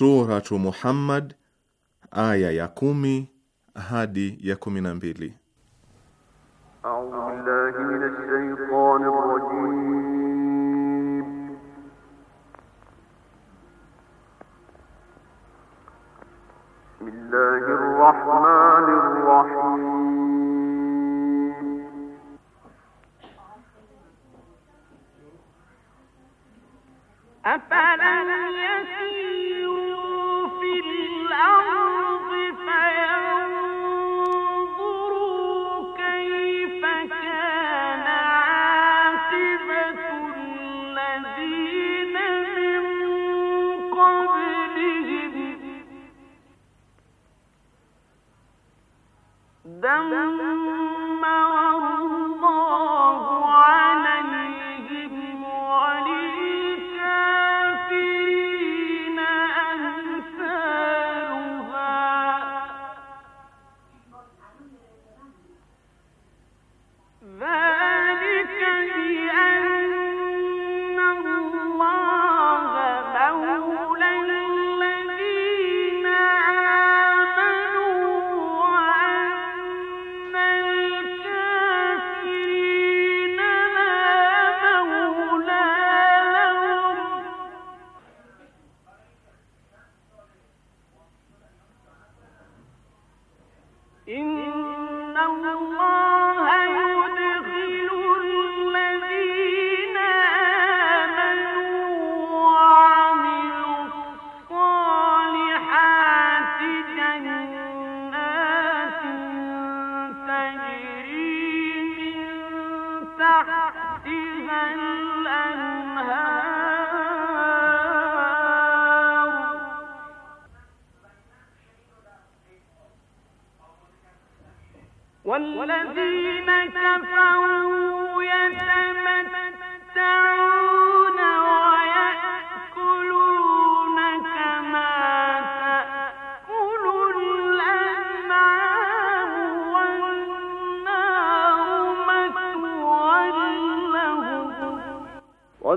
Suratu Muhammad aya ya kumi hadi ya kumi na mbili. أفلم يسير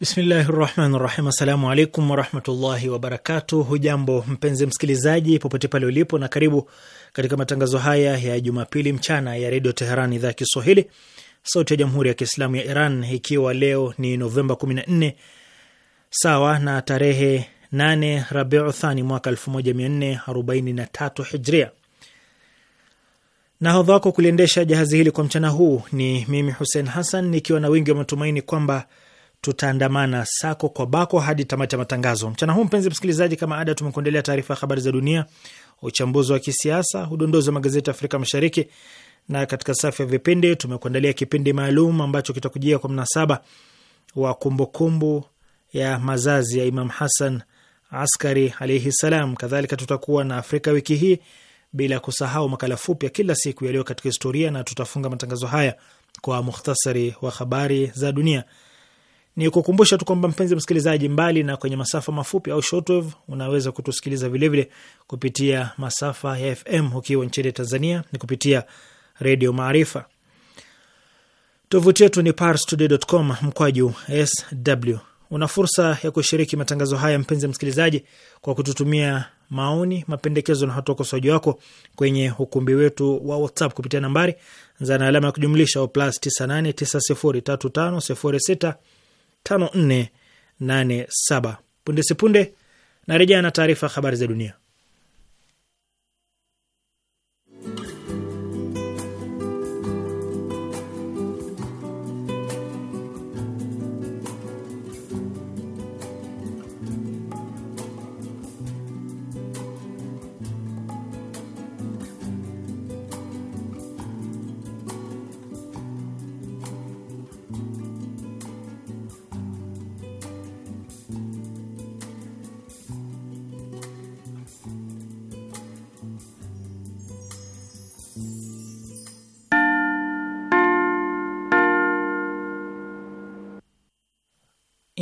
Bismillahi rahmani rahim. Assalamu alaikum warahmatullahi wabarakatuh. Hujambo mpenzi msikilizaji, popote pale ulipo, na karibu katika matangazo haya ya Jumapili mchana ya Redio Teheran, idhaa ya Kiswahili, sauti ya Jamhuri ya Kiislamu ya Iran, ikiwa leo ni Novemba 14 sawa na tarehe 8 Rabiu Thani mwaka 1443 Hijria. Nahodha wako kuliendesha jahazi hili kwa mchana huu ni mimi Hussein Hassan, nikiwa na wingi wa matumaini kwamba tutaandamana sako kwa bako hadi tamati ya matangazo mchana huu. Mpenzi msikilizaji, kama ada, tumekuendelea taarifa ya habari za dunia, uchambuzi wa kisiasa, udondozi wa magazeti ya Afrika Mashariki, na katika safu ya vipindi tumekuandalia kipindi maalum ambacho kitakujia kwa mnasaba wa kumbukumbu kumbu ya mazazi ya Imam Hasan Askari alaihi salam. Kadhalika tutakuwa na Afrika wiki hii, bila kusahau makala fupi ya kila siku yaliyo katika historia, na tutafunga matangazo haya kwa mukhtasari wa habari za dunia. Ni kukumbusha tu kwamba mpenzi msikilizaji, mbali na kwenye masafa mafupi au shortwave, unaweza kutusikiliza vilevile kupitia masafa ya FM ukiwa nchini Tanzania ni kupitia Redio Maarifa. Tovuti yetu ni parstoday.com mkwaju sw. Una fursa ya kushiriki matangazo haya mpenzi msikilizaji, kwa kututumia maoni, mapendekezo na hata ukosoaji wako kwenye ukumbi wetu wa WhatsApp kupitia nambari za na alama ya kujumlisha o plus 98 903506 5487. Punde sipunde narejea na taarifa ya habari za dunia.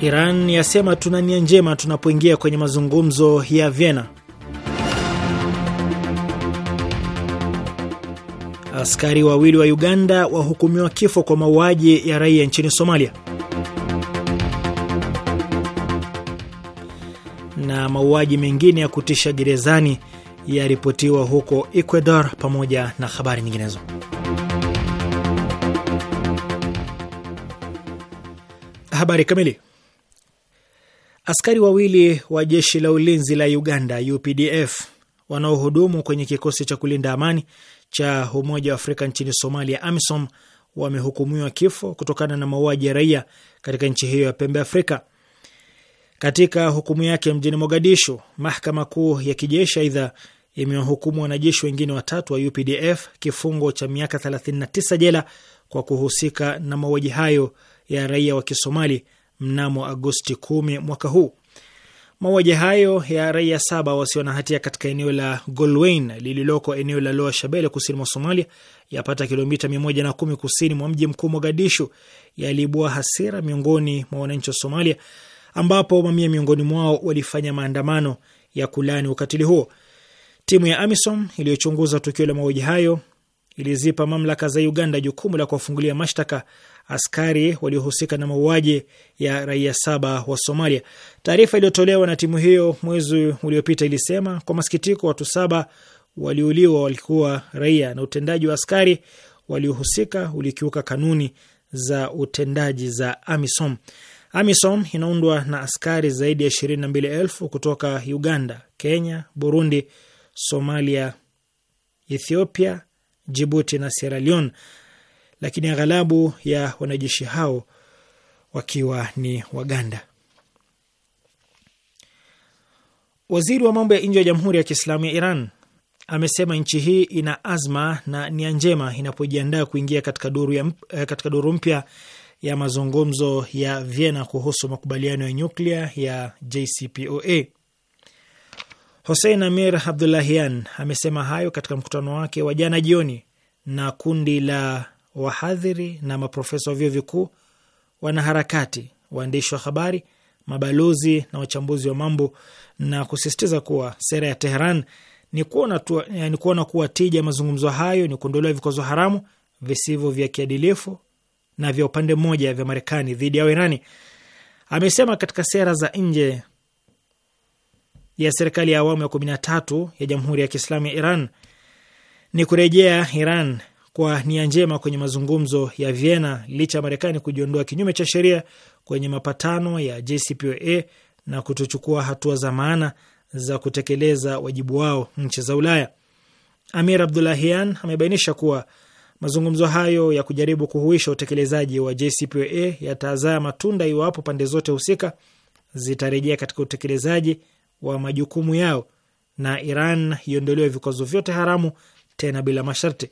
Iran yasema tuna nia njema tunapoingia kwenye mazungumzo ya Vienna. Askari wawili wa Uganda wahukumiwa kifo kwa mauaji ya raia nchini Somalia. Na mauaji mengine ya kutisha gerezani yaripotiwa huko Ecuador, pamoja na habari nyinginezo. Habari kamili Askari wawili wa jeshi la ulinzi la Uganda UPDF wanaohudumu kwenye kikosi cha kulinda amani cha Umoja wa Afrika nchini Somalia AMISOM wamehukumiwa kifo kutokana na mauaji ya raia katika nchi hiyo ya pembe Afrika. Katika hukumu yake mjini Mogadishu, mahakama kuu ya kijeshi aidha imewahukumu wanajeshi wengine watatu wa UPDF kifungo cha miaka 39 jela kwa kuhusika na mauaji hayo ya raia wa Kisomali mnamo Agosti 10 mwaka huu. Mauaji hayo ya raia saba wasio na hatia katika eneo la Golwayn lililoko eneo la Loa Shabele kusini mwa Somalia, yapata kilomita 110 kusini mwa mji mkuu Mogadishu, yaliibua hasira miongoni mwa wananchi wa Somalia, ambapo mamia miongoni mwao walifanya maandamano ya kulani ukatili huo. Timu ya AMISOM iliyochunguza tukio la mauaji hayo ilizipa mamlaka za Uganda jukumu la kuwafungulia mashtaka askari waliohusika na mauaji ya raia saba wa Somalia. Taarifa iliyotolewa na timu hiyo mwezi uliopita ilisema kwa masikitiko, watu saba waliuliwa walikuwa raia na utendaji wa askari waliohusika ulikiuka kanuni za utendaji za AMISOM. AMISOM inaundwa na askari zaidi ya ishirini na mbili elfu kutoka Uganda, Kenya, Burundi, Somalia, Ethiopia, Jibuti na Sierra Leone lakini aghalabu ya wanajeshi hao wakiwa ni Waganda. Waziri wa mambo ya nje wa Jamhuri ya Kiislamu ya Iran amesema nchi hii ina azma na nia njema inapojiandaa kuingia katika duru ya eh, katika duru mpya ya mazungumzo ya Vienna kuhusu makubaliano ya nyuklia ya JCPOA. Hossein Amir Abdullahian amesema hayo katika mkutano wake wa jana jioni na kundi la wahadhiri na maprofesa wa vyuo vikuu, wanaharakati, waandishi wa habari, mabalozi na wachambuzi wa mambo, na kusisitiza kuwa sera ya Teheran ni kuona, tu, ni kuona kuwa tija ya mazungumzo hayo ni kuondolewa vikwazo haramu visivyo vya kiadilifu na vya upande mmoja vya Marekani dhidi ya Irani. Amesema katika sera za nje ya serikali ya awamu ya kumi na tatu ya Jamhuri ya Kiislamu ya Iran ni kurejea Iran kwa nia njema kwenye mazungumzo ya Vienna licha ya Marekani kujiondoa kinyume cha sheria kwenye mapatano ya JCPOA na kutochukua hatua za maana za kutekeleza wajibu wao nchi za Ulaya. Amir Abdulahian amebainisha kuwa mazungumzo hayo ya kujaribu kuhuisha utekelezaji wa JCPOA yatazaa matunda iwapo pande zote husika zitarejea katika utekelezaji wa majukumu yao na Iran iondolewe vikwazo vyote haramu tena bila masharti.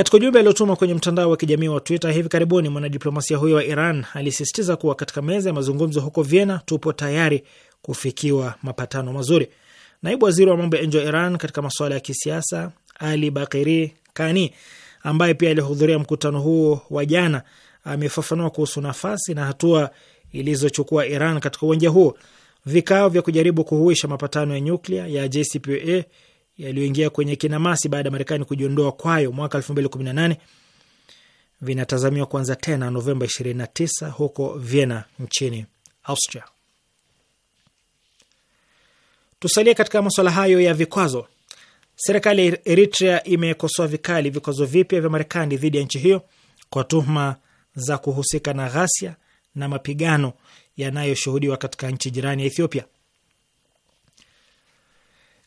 Katika ujumbe aliotuma kwenye mtandao wa kijamii wa Twitter hivi karibuni, mwanadiplomasia huyo wa Iran alisisitiza kuwa katika meza ya mazungumzo huko Vienna tupo tayari kufikiwa mapatano mazuri. Naibu waziri wa mambo ya nje wa Iran katika masuala ya kisiasa Ali Bakiri Kani, ambaye pia alihudhuria mkutano huo wa jana, amefafanua kuhusu nafasi na hatua ilizochukua Iran katika uwanja huo. Vikao vya kujaribu kuhuisha mapatano ya nyuklia ya JCPOA yaliyoingia kwenye kinamasi baada ya Marekani kujiondoa kwayo mwaka 2018 vinatazamiwa kuanza tena Novemba 29 huko Vienna nchini Austria. Tusalie katika masuala hayo ya vikwazo. Serikali ya Eritrea imekosoa vikali vikwazo vipya vya Marekani dhidi ya nchi hiyo kwa tuhuma za kuhusika na ghasia na mapigano yanayoshuhudiwa katika nchi jirani ya Ethiopia.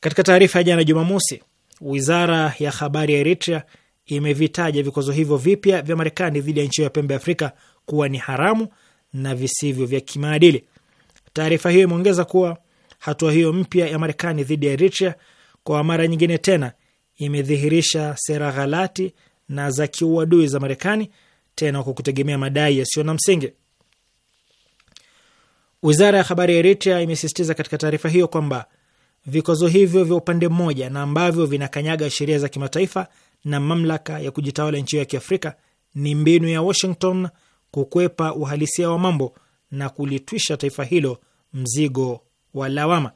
Katika taarifa ya jana Jumamosi, wizara ya habari ya Eritrea imevitaja vikwazo hivyo vipya vya Marekani dhidi ya nchi hiyo ya pembe Afrika kuwa ni haramu na visivyo vya kimaadili. Taarifa hiyo imeongeza kuwa hatua hiyo mpya ya Marekani dhidi ya Eritrea kwa mara nyingine tena imedhihirisha sera ghalati na za kiuadui za Marekani, tena kwa kutegemea madai yasiyo na msingi. Wizara ya habari ya Eritrea imesisitiza katika taarifa hiyo kwamba vikwazo hivyo vya upande mmoja na ambavyo vinakanyaga sheria za kimataifa na mamlaka ya kujitawala nchi hiyo ya Kiafrika ni mbinu ya Washington kukwepa uhalisia wa mambo na kulitwisha taifa hilo mzigo wa lawama.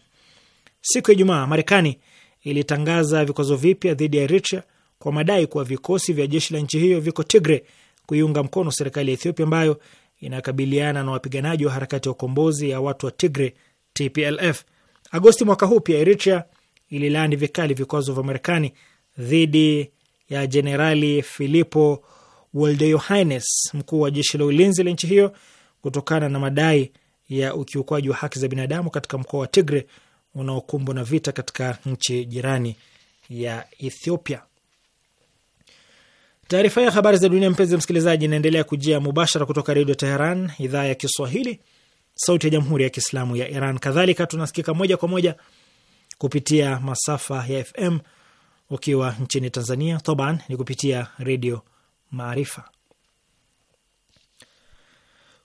Siku ya Ijumaa, Marekani ilitangaza vikwazo vipya dhidi ya Eritrea kwa madai kuwa vikosi vya jeshi la nchi hiyo viko Tigre kuiunga mkono serikali ya Ethiopia ambayo inakabiliana na wapiganaji wa harakati ya ukombozi ya watu wa Tigre TPLF. Agosti mwaka huu pia Eritrea ililaani vikali vikwazo vya Marekani dhidi ya Jenerali Filipo Woldeyohannes, mkuu wa jeshi la ulinzi la nchi hiyo kutokana na madai ya ukiukwaji wa haki za binadamu katika mkoa wa Tigre unaokumbwa na vita katika nchi jirani ya Ethiopia. Taarifa ya habari za dunia, mpenzi msikilizaji, inaendelea kujia mubashara kutoka Redio Teheran, idhaa ya Kiswahili, sauti ya jamhuri ya kiislamu ya Iran. Kadhalika tunasikika moja kwa moja kupitia masafa ya FM ukiwa nchini Tanzania toban ni kupitia redio Maarifa.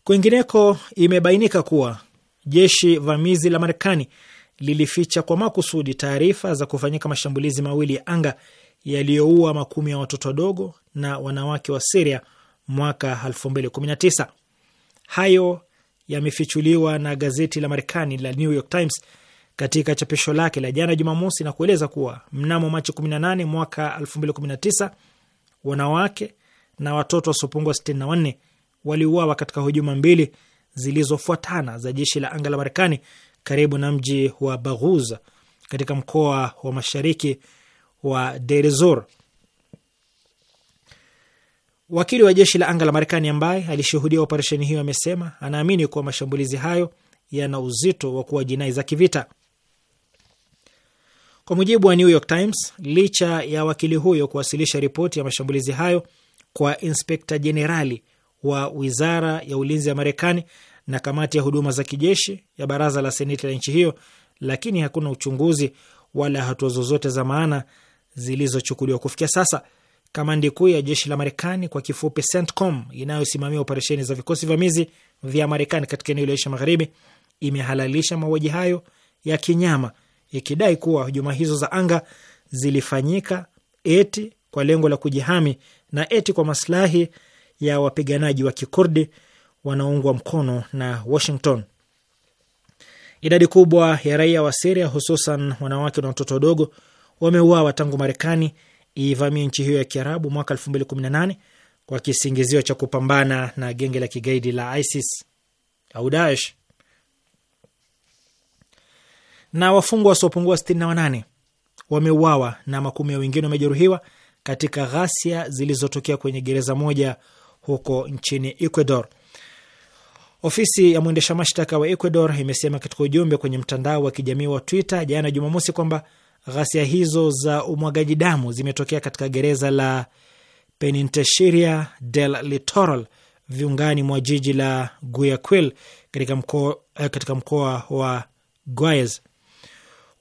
Kwingineko, imebainika kuwa jeshi vamizi la Marekani lilificha kwa makusudi taarifa za kufanyika mashambulizi mawili ya anga yaliyoua makumi ya watoto wadogo na wanawake wa Siria mwaka 2019. Hayo yamefichuliwa na gazeti la Marekani la New York Times katika chapisho lake la jana Jumamosi na kueleza kuwa mnamo Machi 18 mwaka 2019 wanawake na watoto wasiopungua 64 waliuawa katika hujuma mbili zilizofuatana za jeshi la anga la Marekani karibu na mji wa Baghuz katika mkoa wa mashariki wa Deir ez-Zor Wakili wa jeshi la anga la Marekani ambaye alishuhudia operesheni hiyo amesema anaamini kuwa mashambulizi hayo yana uzito wa kuwa jinai za kivita. Kwa mujibu wa New York Times, licha ya wakili huyo kuwasilisha ripoti ya mashambulizi hayo kwa inspekta jenerali wa wizara ya ulinzi ya Marekani na kamati ya huduma za kijeshi ya baraza la seneti la nchi hiyo, lakini hakuna uchunguzi wala hatua zozote za maana zilizochukuliwa kufikia sasa kamandi kuu ya jeshi la Marekani kwa kifupi CENTCOM inayosimamia operesheni za vikosi vamizi vya Marekani katika eneo la Asia Magharibi imehalalisha mauaji hayo ya kinyama, ikidai kuwa hujuma hizo za anga zilifanyika eti kwa lengo la kujihami na eti kwa maslahi ya wapiganaji wa kikurdi wanaoungwa mkono na Washington. Idadi kubwa ya raia wa Siria, hususan wanawake na watoto wadogo, wameuawa tangu Marekani iivamia nchi hiyo ya Kiarabu mwaka 2018 kwa kisingizio cha kupambana na genge la kigaidi la ISIS au Daesh. Na wafungwa wasiopungua 68 wameuawa na makumi ya wengine wamejeruhiwa katika ghasia zilizotokea kwenye gereza moja huko nchini Ecuador. Ofisi ya mwendesha mashtaka wa Ecuador imesema katika ujumbe kwenye mtandao wa kijamii wa Twitter jana Jumamosi kwamba Ghasia hizo za umwagaji damu zimetokea katika gereza la Penitentiaria del Litoral viungani mwa jiji la Guayaquil katika mkoa eh, katika mkoa wa Guayas.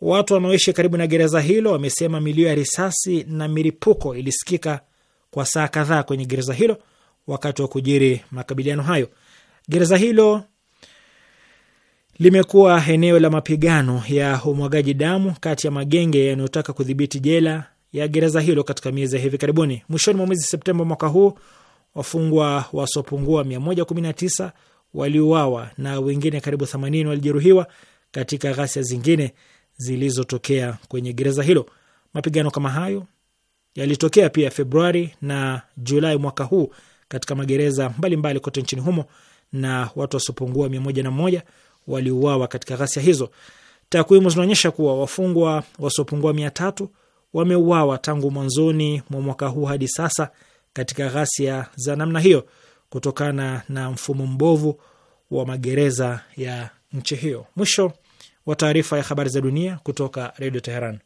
Watu wanaoishi karibu na gereza hilo wamesema milio ya risasi na milipuko ilisikika kwa saa kadhaa kwenye gereza hilo wakati wa kujiri makabiliano hayo. Gereza hilo limekuwa eneo la mapigano ya umwagaji damu kati ya magenge yanayotaka kudhibiti jela ya gereza hilo katika miezi ya hivi karibuni. Mwishoni mwa mwezi Septemba mwaka huu, wafungwa wasiopungua 119 waliuawa na wengine karibu 80 walijeruhiwa katika ghasia zingine zilizotokea kwenye gereza hilo. Mapigano kama hayo yalitokea pia Februari na Julai mwaka huu katika magereza mbalimbali mbali kote nchini humo, na watu wasiopungua 101 waliuawa katika ghasia hizo. Takwimu zinaonyesha kuwa wafungwa wasiopungua mia tatu wameuawa tangu mwanzoni mwa mwaka huu hadi sasa katika ghasia za namna hiyo kutokana na mfumo mbovu wa magereza ya nchi hiyo. Mwisho wa taarifa ya habari za dunia kutoka Redio Teheran.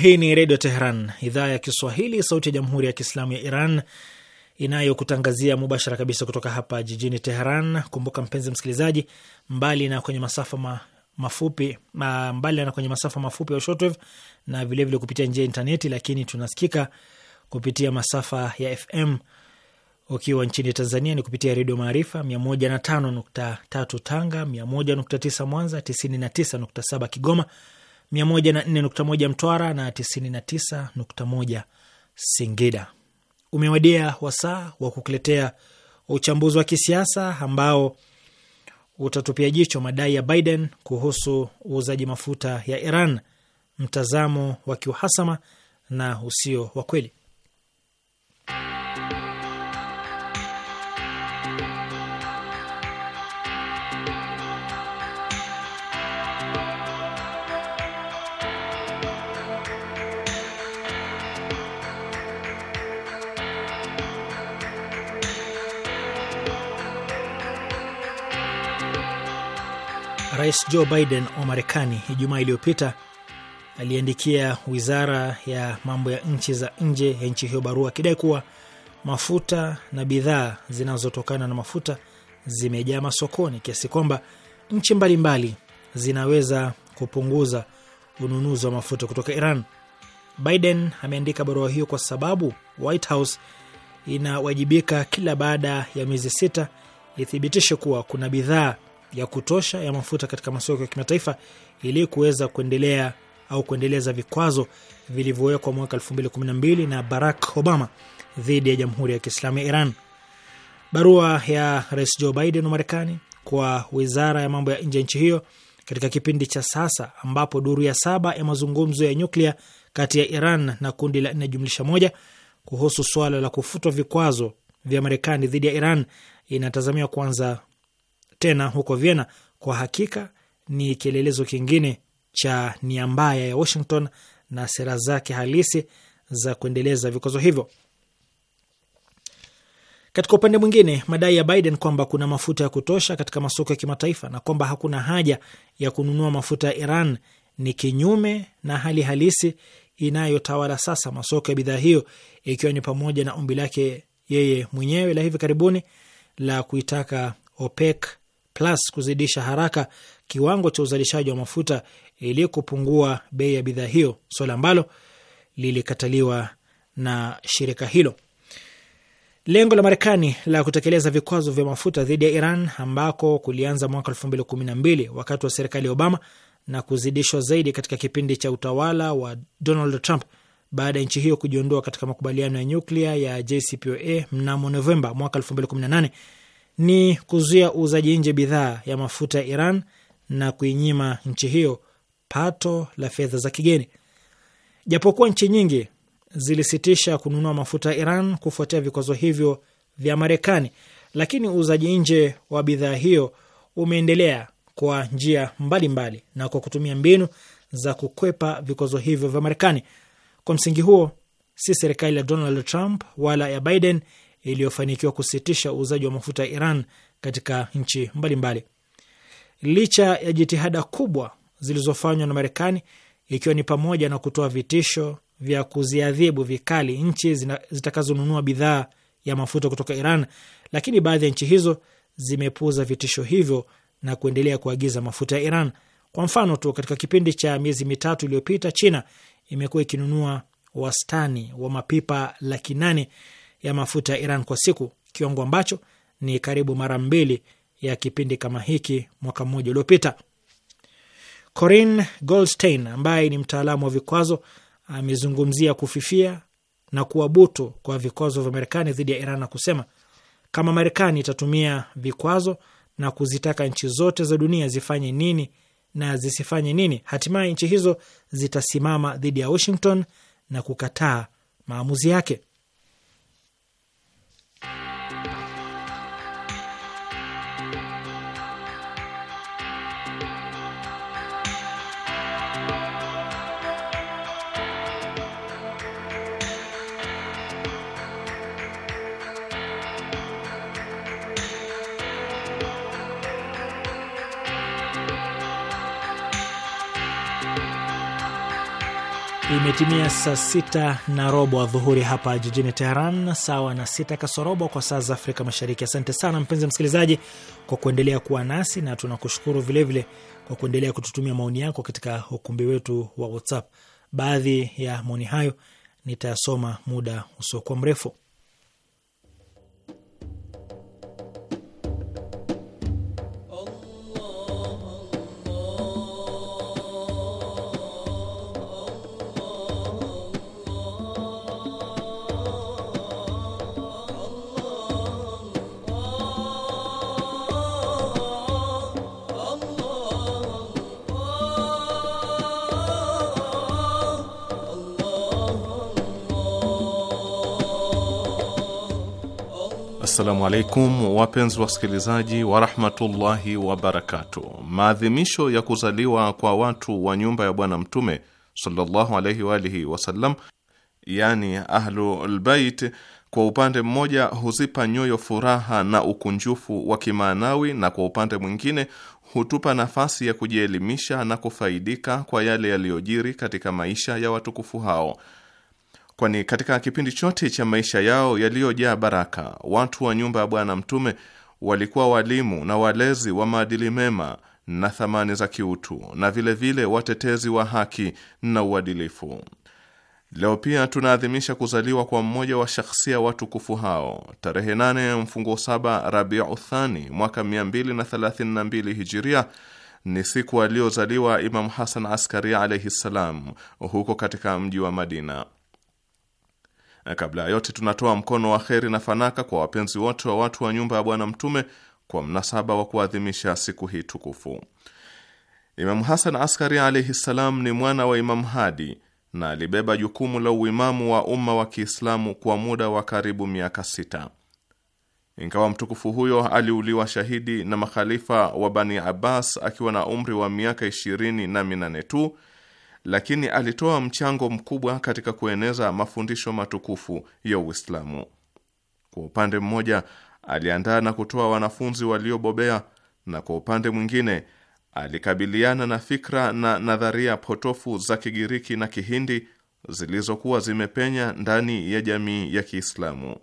Hii ni Redio Teheran, idhaa ya Kiswahili, sauti ya Jamhuri ya Kiislamu ya Iran inayokutangazia mubashara kabisa kutoka hapa jijini Teheran. Kumbuka mpenzi msikilizaji, mbali na kwenye masafa ma, mafupi ma, mbali na kwenye masafa mafupi ya shortwave na vilevile vile kupitia njia ya intaneti, lakini tunasikika kupitia masafa ya FM. Ukiwa nchini Tanzania ni kupitia Redio Maarifa 105.3 Tanga, 101.9 Mwanza, 99.7 Kigoma 104.1 Mtwara na 99.1 Singida. Umewadia wasaa wa kukuletea uchambuzi wa kisiasa ambao utatupia jicho madai ya Biden kuhusu uuzaji mafuta ya Iran, mtazamo wa kiuhasama na usio wa kweli. Rais Joe Biden wa Marekani Ijumaa iliyopita aliandikia wizara ya mambo ya nchi za nje ya nchi hiyo barua akidai kuwa mafuta na bidhaa zinazotokana na mafuta zimejaa masokoni kiasi kwamba nchi mbalimbali zinaweza kupunguza ununuzi wa mafuta kutoka Iran. Biden ameandika barua hiyo kwa sababu White House inawajibika kila baada ya miezi sita ithibitishe kuwa kuna bidhaa ya kutosha ya mafuta katika masoko ya kimataifa ili kuweza kuendelea au kuendeleza vikwazo vilivyowekwa mwaka 2012 na Barack Obama dhidi ya Jamhuri ya Kiislamu ya Iran. Barua ya Rais Joe Biden wa Marekani kwa Wizara ya Mambo ya Nje ya nchi hiyo katika kipindi cha sasa ambapo duru ya saba ya mazungumzo ya nyuklia kati ya Iran na kundi la nne jumlisha moja kuhusu suala la kufutwa vikwazo vya Marekani dhidi ya Iran inatazamiwa kuanza tena huko Vienna, kwa hakika ni kielelezo kingine cha nia mbaya ya Washington na sera zake halisi za kuendeleza vikwazo hivyo. Katika upande mwingine, madai ya Biden kwamba kuna mafuta ya kutosha katika masoko ya kimataifa na kwamba hakuna haja ya kununua mafuta ya Iran ni kinyume na hali halisi inayotawala sasa masoko ya bidhaa hiyo, ikiwa ni pamoja na ombi lake yeye mwenyewe la hivi karibuni la kuitaka OPEC Plus kuzidisha haraka kiwango cha uzalishaji wa mafuta ili kupungua bei ya bidhaa hiyo, swala ambalo lilikataliwa na shirika hilo. Lengo la Marekani la kutekeleza vikwazo vya mafuta dhidi ya Iran ambako kulianza mwaka 212 wakati wa serikali ya Obama na kuzidishwa zaidi katika kipindi cha utawala wa Donald Trump baada ya nchi hiyo kujiondoa katika makubaliano ya nyuklia ya JCPOA mnamo Novemba mwaka 2018 ni kuzuia uuzaji nje bidhaa ya mafuta ya Iran na kuinyima nchi hiyo pato la fedha za kigeni. Japokuwa nchi nyingi zilisitisha kununua mafuta ya Iran kufuatia vikwazo hivyo vya Marekani, lakini uuzaji nje wa bidhaa hiyo umeendelea kwa njia mbalimbali mbali, na kwa kutumia mbinu za kukwepa vikwazo hivyo vya Marekani. Kwa msingi huo, si serikali ya Donald Trump wala ya Biden iliyofanikiwa kusitisha uuzaji wa mafuta ya Iran katika nchi mbalimbali mbali. Licha ya jitihada kubwa zilizofanywa na Marekani ikiwa ni pamoja na kutoa vitisho vya kuziadhibu vikali nchi zitakazonunua bidhaa ya mafuta kutoka Iran, lakini baadhi ya nchi hizo zimepuuza vitisho hivyo na kuendelea kuagiza mafuta ya Iran. Kwa mfano tu, katika kipindi cha miezi mitatu iliyopita, China imekuwa ikinunua wastani wa mapipa laki nane ya mafuta ya Iran kwa siku, kiwango ambacho ni karibu mara mbili ya kipindi kama hiki mwaka mmoja uliopita. Corin Goldstein ambaye ni mtaalamu wa vikwazo amezungumzia kufifia na kuwa butu kwa vikwazo vya Marekani dhidi ya Iran na kusema kama Marekani itatumia vikwazo na kuzitaka nchi zote za dunia zifanye nini na zisifanye nini, hatimaye nchi hizo zitasimama dhidi ya Washington na kukataa maamuzi yake. Imetimia saa sita na robo adhuhuri hapa jijini Teheran, sawa na sita kasorobo kwa saa za Afrika Mashariki. Asante sana mpenzi msikilizaji kwa kuendelea kuwa nasi na tunakushukuru vilevile kwa kuendelea kututumia maoni yako katika ukumbi wetu wa WhatsApp. Baadhi ya maoni hayo nitayasoma muda usiokuwa mrefu. Assalamu alaikum wapenzi wasikilizaji warahmatullahi wabarakatuh. Maadhimisho ya kuzaliwa kwa watu wa nyumba ya Bwana Mtume sallallahu alaihi wa alihi wasallam, yani Ahlulbeit, kwa upande mmoja huzipa nyoyo furaha na ukunjufu wa kimaanawi, na kwa upande mwingine hutupa nafasi ya kujielimisha na kufaidika kwa yale yaliyojiri katika maisha ya watukufu hao kwani katika kipindi chote cha maisha yao yaliyojaa baraka, watu wa nyumba ya Bwana Mtume walikuwa walimu na walezi wa maadili mema na thamani za kiutu na vilevile vile watetezi wa haki na uadilifu. Leo pia tunaadhimisha kuzaliwa kwa mmoja wa shakhsia watukufu hao tarehe 8 mfungo 7 Rabia Uthani mwaka 232 Hijiria ni siku aliyozaliwa Imamu Hasan Askari alaihi ssalam huko katika mji wa Madina. Eh, kabla ya yote, tunatoa mkono wa kheri na fanaka kwa wapenzi wote wa watu wa nyumba ya Bwana Mtume kwa mnasaba wa kuadhimisha siku hii tukufu. Imamu Hasan Askari alaihi ssalam ni mwana wa Imamu Hadi na alibeba jukumu la uimamu wa umma wa Kiislamu kwa muda wa karibu miaka sita. Ingawa mtukufu huyo aliuliwa shahidi na makhalifa wa Bani Abbas akiwa na umri wa miaka ishirini na minane tu lakini alitoa mchango mkubwa katika kueneza mafundisho matukufu ya Uislamu. Kwa upande mmoja, aliandaa na kutoa wanafunzi waliobobea na kwa upande mwingine alikabiliana na fikra na nadharia potofu za Kigiriki na Kihindi zilizokuwa zimepenya ndani ya jamii ya Kiislamu.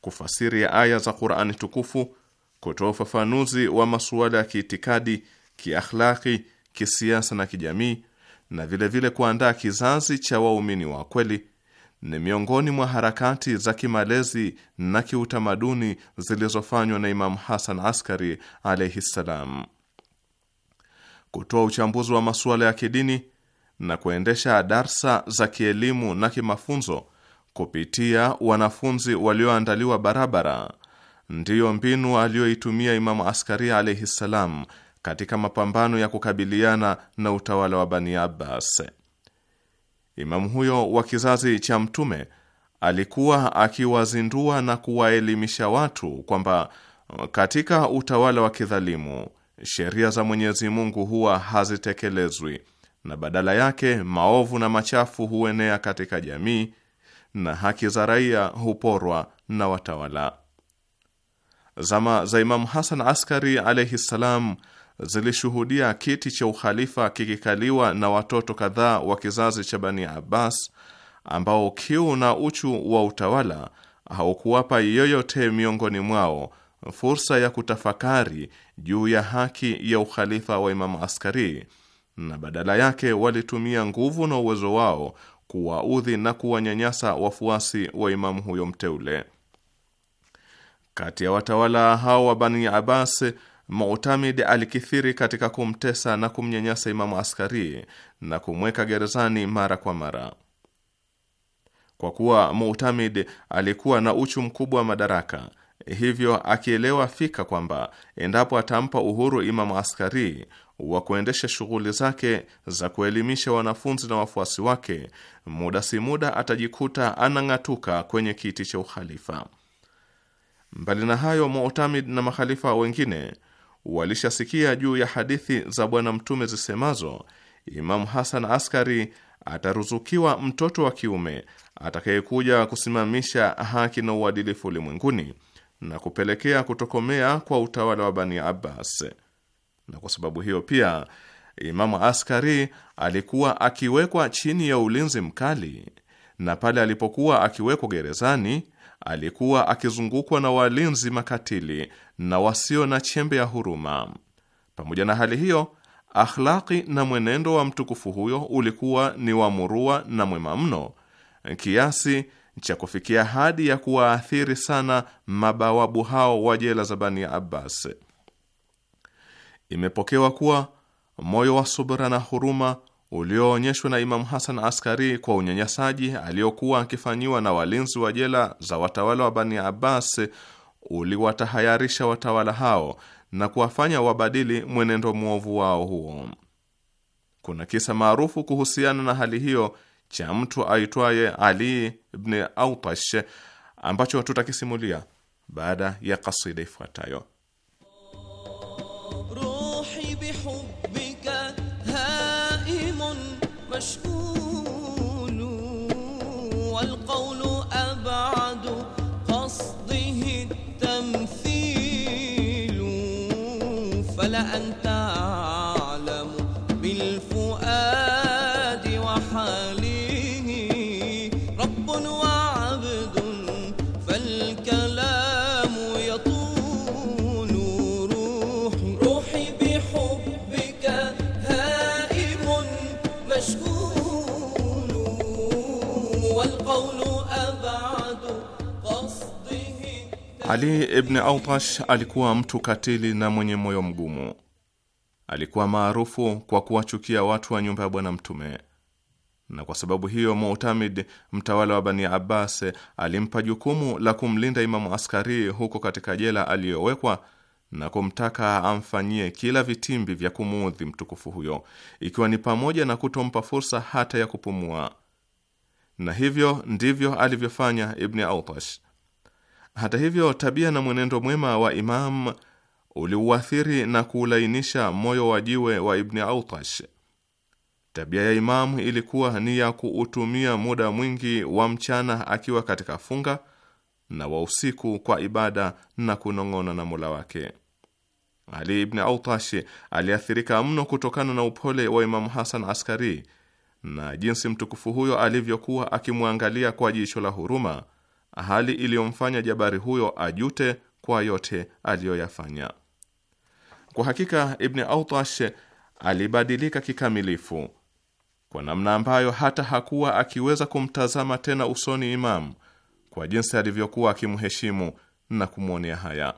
Kufasiri ya aya za Qur'ani tukufu, kutoa ufafanuzi wa masuala ya kiitikadi, kiakhlaki, kisiasa na kijamii na vilevile vile kuandaa kizazi cha waumini wa kweli ni miongoni mwa harakati za kimalezi na kiutamaduni zilizofanywa na Imamu Hasan Askari alaihi ssalam. Kutoa uchambuzi wa masuala ya kidini na kuendesha darsa za kielimu na kimafunzo kupitia wanafunzi walioandaliwa barabara ndiyo mbinu aliyoitumia Imamu Askari alaihi ssalam katika mapambano ya kukabiliana na utawala wa Bani Abbas. Imamu huyo wa kizazi cha Mtume alikuwa akiwazindua na kuwaelimisha watu kwamba uh, katika utawala wa kidhalimu sheria za Mwenyezi Mungu huwa hazitekelezwi na badala yake maovu na machafu huenea katika jamii na haki za raia huporwa na watawala. Zama za Imamu Hasan Askari alaihi ssalam zilishuhudia kiti cha ukhalifa kikikaliwa na watoto kadhaa wa kizazi cha Bani Abbas ambao kiu na uchu wa utawala haukuwapa yoyote miongoni mwao fursa ya kutafakari juu ya haki ya ukhalifa wa Imamu Askari, na badala yake walitumia nguvu na uwezo wao kuwaudhi na kuwanyanyasa wafuasi wa imamu huyo mteule. Kati ya watawala hao wa Bani Abbas Mutamid alikithiri katika kumtesa na kumnyanyasa Imamu Askari na kumweka gerezani mara kwa mara. Kwa kuwa Mutamid alikuwa na uchu mkubwa wa madaraka, hivyo akielewa fika kwamba endapo atampa uhuru Imamu Askari wa kuendesha shughuli zake za kuelimisha wanafunzi na wafuasi wake, muda si muda atajikuta anang'atuka kwenye kiti cha ukhalifa. Mbali na hayo, Mutamid na mahalifa wengine walishasikia juu ya hadithi za Bwana Mtume zisemazo, Imamu Hasan Askari ataruzukiwa mtoto wa kiume atakayekuja kusimamisha haki na uadilifu ulimwenguni na kupelekea kutokomea kwa utawala wa Bani Abbas. Na kwa sababu hiyo pia Imamu Askari alikuwa akiwekwa chini ya ulinzi mkali, na pale alipokuwa akiwekwa gerezani alikuwa akizungukwa na walinzi makatili na wasio na chembe ya huruma. Pamoja na hali hiyo, akhlaqi na mwenendo wa mtukufu huyo ulikuwa ni wa murua na mwema mno kiasi cha kufikia hadi ya kuwaathiri sana mabawabu hao wa jela za Bani Abbas. Imepokewa kuwa moyo wa subra na huruma ulioonyeshwa na Imamu Hasan Askari kwa unyanyasaji aliokuwa akifanyiwa na walinzi wa jela za watawala wa Bani Abbas uliwatahayarisha watawala hao na kuwafanya wabadili mwenendo mwovu wao huo. Kuna kisa maarufu kuhusiana na hali hiyo cha mtu aitwaye Ali ibn Autash ambacho tutakisimulia baada ya kasida ifuatayo. school. Ali ibn Autash alikuwa mtu katili na mwenye moyo mgumu. Alikuwa maarufu kwa kuwachukia watu wa nyumba ya Bwana Mtume, na kwa sababu hiyo Mu'tamid, mtawala wa Bani Abbas, alimpa jukumu la kumlinda Imamu Askari huko katika jela aliyowekwa na kumtaka amfanyie kila vitimbi vya kumuudhi mtukufu huyo, ikiwa ni pamoja na kutompa fursa hata ya kupumua. Na hivyo ndivyo alivyofanya Ibni Autash. Hata hivyo, tabia na mwenendo mwema wa Imam uliuathiri na kuulainisha moyo wa jiwe wa Ibni Autash. Tabia ya Imam ilikuwa ni ya kuutumia muda mwingi wa mchana akiwa katika funga na wa usiku kwa ibada na kunong'ona na Mola wake. Ali Ibn Autash aliathirika mno kutokana na upole wa Imamu Hasan Askari na jinsi mtukufu huyo alivyokuwa akimwangalia kwa jicho la huruma hali iliyomfanya jabari huyo ajute kwa yote aliyoyafanya. Kwa hakika Ibn Autash alibadilika kikamilifu kwa namna ambayo hata hakuwa akiweza kumtazama tena usoni Imamu kwa jinsi alivyokuwa akimheshimu na kumwonea haya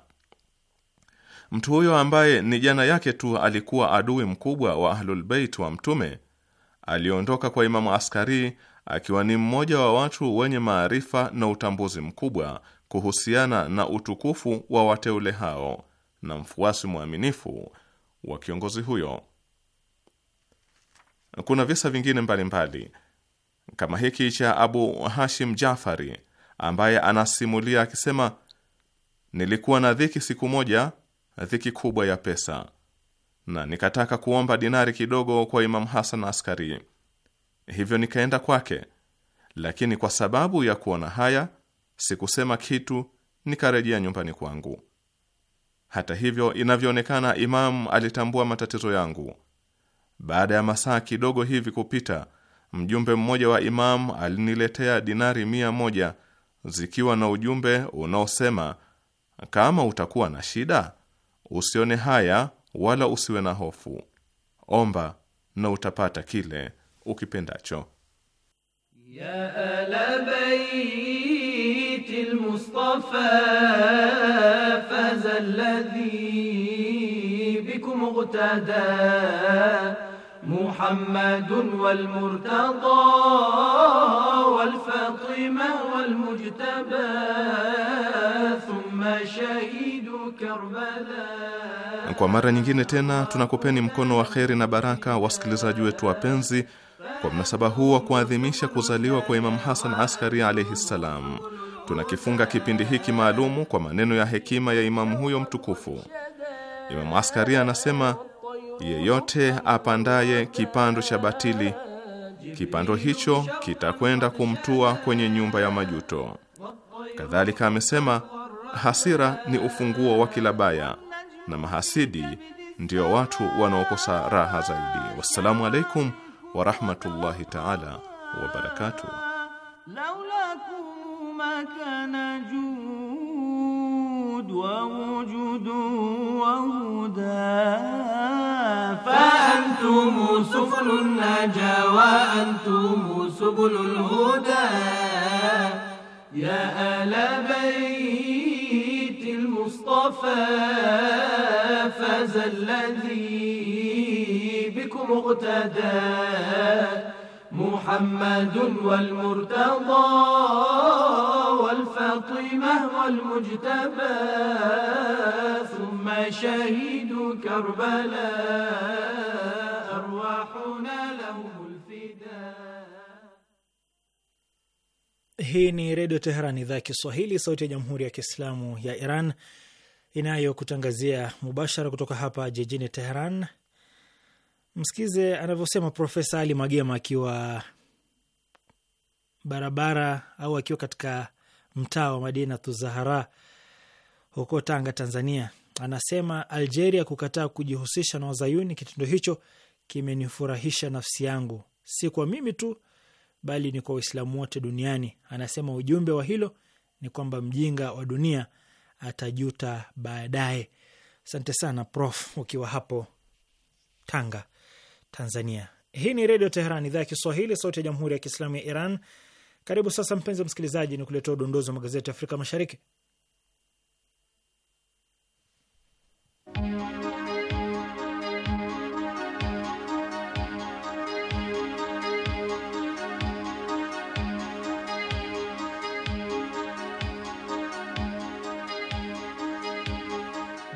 mtu huyo ambaye ni jana yake tu alikuwa adui mkubwa wa Ahlulbeit wa Mtume aliondoka kwa Imamu Askari akiwa ni mmoja wa watu wenye maarifa na utambuzi mkubwa kuhusiana na utukufu wa wateule hao na mfuasi mwaminifu wa kiongozi huyo. Kuna visa vingine mbalimbali mbali, kama hiki cha Abu Hashim Jafari ambaye anasimulia akisema, nilikuwa na dhiki siku moja, dhiki kubwa ya pesa, na nikataka kuomba dinari kidogo kwa Imam Hasan Askari hivyo nikaenda kwake, lakini kwa sababu ya kuona haya sikusema kitu, nikarejea nyumbani kwangu. Hata hivyo, inavyoonekana Imamu alitambua matatizo yangu. Baada ya masaa kidogo hivi kupita, mjumbe mmoja wa Imamu aliniletea dinari mia moja zikiwa na ujumbe unaosema kama utakuwa na shida usione haya wala usiwe na hofu, omba na utapata kile ukipendacho. ya ala bayti almustafa faza alladhi bikum ughtada محمد والمرتضى والفاطمة والمجتبى ثم Kwa mara nyingine tena tunakupeni mkono wa kheri na baraka, wasikilizaji wetu wapenzi, kwa mnasaba huu wa kuadhimisha kuzaliwa kwa Imamu Hasan Askari alaihi ssalam. Tunakifunga kipindi hiki maalumu kwa maneno ya hekima ya imamu huyo mtukufu. Imamu Askari anasema, yeyote apandaye kipando cha batili, kipando hicho kitakwenda kumtua kwenye nyumba ya majuto. Kadhalika amesema hasira ni ufunguo wa kila baya na mahasidi ndio watu wanaokosa raha zaidi. Wassalamu alaikum wa rahmatullahi ta'ala wa barakatuh. ووجود وهدى فأنتم النجا وأنتم سبل الهدى يا المصطفى فاز الذي بكم اغتدى محمد والمرتضى والفاطمة والمجتبى ثم شهيد كربلاء Hii ni Redio Teheran, idhaa ya Kiswahili, sauti ya Jamhuri ya Kiislamu ya Iran inayokutangazia mubashara kutoka hapa jijini Teheran. Msikize anavyosema Profesa Ali Magema akiwa barabara au akiwa katika mtaa wa Madina Tuzahara huko Tanga, Tanzania. Anasema Algeria kukataa kujihusisha na Wazayuni, kitendo hicho kimenifurahisha nafsi yangu, si kwa mimi tu bali ni kwa Waislamu wote duniani. Anasema ujumbe wa hilo ni kwamba mjinga wa dunia atajuta baadaye. Asante sana Prof, ukiwa hapo Tanga, Tanzania. Hii ni Redio Teheran, idhaa ya Kiswahili, sauti ya Jamhuri ya Kiislamu ya Iran. Karibu sasa, mpenzi msikilizaji, ni kuletea udondozi wa magazeti ya Afrika Mashariki.